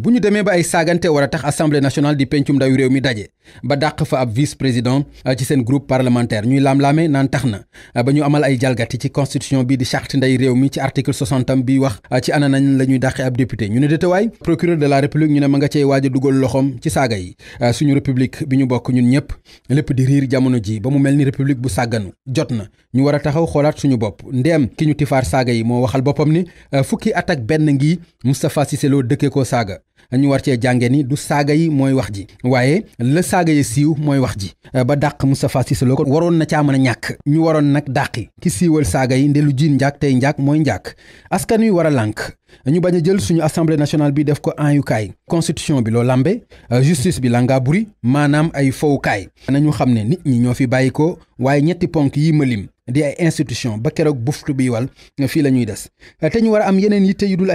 bu ñu demee ba ay saagante war a tax assemblée nationale di pencum ndawi réew mi daje ba dàq fa ab vice président euh, ci seen groupe parlementaire ñuy laam-laame naan tax na euh, ba ñu amal ay jalgati ci constitution bi di charte ndey réew mi ci article 60 am bi wax euh, ci ana nañ la ñuy dàqe ab député ñu ne détawaay procureur de la république ñu ne ma nga cey waaj a dugal loxoom ci saaga yi suñu république bi ñu bokk ñun ñëpp lépp di riir jamono ji ba mu mel ni république bu sàgganu jot na ñu war a taxaw xoolaat suñu bopp ndeem ki ñu tifaar saaga yi moo waxal boppam ni fukki at ak benn ngi Moustapha Cissé Lo dëkkee ko saaga ñu war cee jànge ni du saaga yi mooy wax ji saaga ya siiw mooy wax ji ba dàq Moustapha Cissé Lo ko waroon na caa mën a ñàkk ñu waroon nag dàqi ki siiwal saaga yi ndelu jiin njaak tey njaak mooy njaak askan wi war a lànk ñu bañ a jël suñu assemblée nationale bi def ko anyukaay constitution bi loo lambe justice bi langa buri maanaam ay fowukaay nañu xam ne nit ñi ñoo fi bàyyi ko waaye ñetti ponk yi ma lim di ay institution ba keroog buftu bi wal fii la ñuy des te ñu war a am yeneen yitte yu dul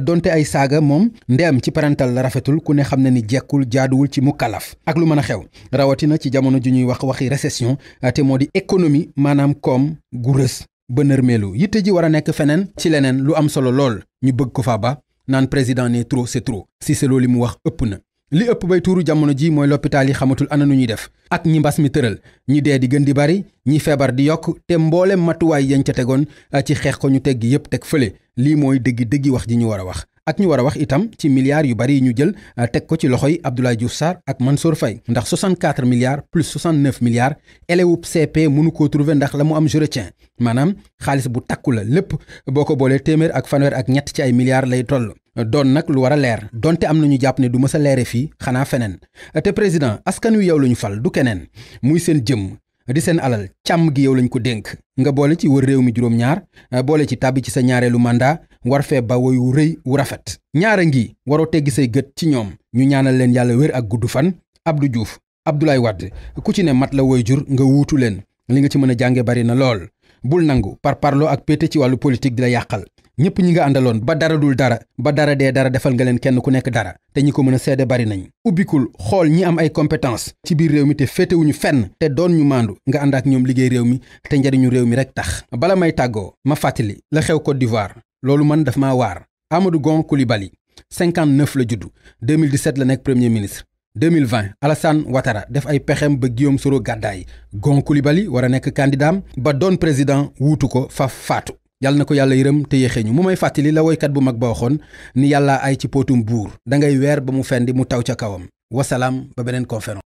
donte ay saaga moom ndeem ci parental la rafetul ku ne xam na ni jekkul jaaduwul ci mu kalaf ak lu mën a xew rawatina ci jamono ji ñuy wax waxi récession te moo di économie maanaam koom gu rës ba nërmeelu yitte ji war a nekk feneen ci leneen lu am solo lool ñu bëgg ko fa ba naan président ne trop c'est si c'est loolu li mu wax ëpp na li ëpp bay tuuru jamono ji mooy l'hôpital yi xamatul ana nu ñuy def ak ñi mbas mi tëral ñi dee di gën di bari ñi feebar di yokk te mboolem matuwaay yañ ca tegoon ah, ci xeex ko ñu tegg yépp teg fële lii mooy dëgg dëggi wax ji ñu war a wax ak ñu war a wax itam ci milliards yu bari yi ñu jël ah, teg ko ci loxoy Abdoulaye Diouf Sarr ak Mansour Faye ndax 64 milliards plus 69 milliards élèwu CP mënu koo trouver ndax la mu am je retiens maanaam xaalis bu takku la lépp boo ko boolee téeméer ak ak ñett ci ay milliards lay toll doon nag lu war a leer donte am na ñu jàpp ne du mës a leere fii xanaa feneen te président askan wi yow la ñu fal du keneen muy seen jëmm di seen alal càmm gi yow lañ ko dénk nga boole ci wër réew mi juróom-ñaar boole ci tàbbi ci sa ñaareelu mandat war fee ba woyu rëy wu rafet ñaara ngi waroo teggi say gët ci ñoom ñu ñaanal leen yàlla wér ak gudd fan ab Abdou Diouf Abdoulaye wadd ku ci ne mat la woy jur nga wuutu leen li nga ci mën a jànge bari na lool bul nangu par parloo ak pété ci wàllu politique di la yàqal ñëpp ñi nga àndaloon ba dara dul dara ba dara dee dara defal nga leen kenn ku nekk dara te ñi ko mën a seede bari nañu ubbikul xool ñi am ay compétence ci biir réew mi te féetewuñu fenn te doon ñu maandu nga ànd ak ñoom liggéey réew mi te njariñu réew mi rek tax bala may tàggoo ma fàttali la xew Côte d'Ivoire loolu man daf maa waar Amadou Gon Coulibaly 59 la juddu 2017 la nekk premier ministre 2020 Alassane Ouattara def ay pexem ba Guillaume Soro gàddaay Gon Coulibaly war a nekk candidat ba doon président wuutu ko fa faatu yàlla na ko yàlla yërëm te yéexee ñu mu may fàttali la woykat bu mag boo waxoon ni yàlla ay ci pootum buur dangay weer ba mu fendi mu taw ca kawam wasalaam ba beneen conférence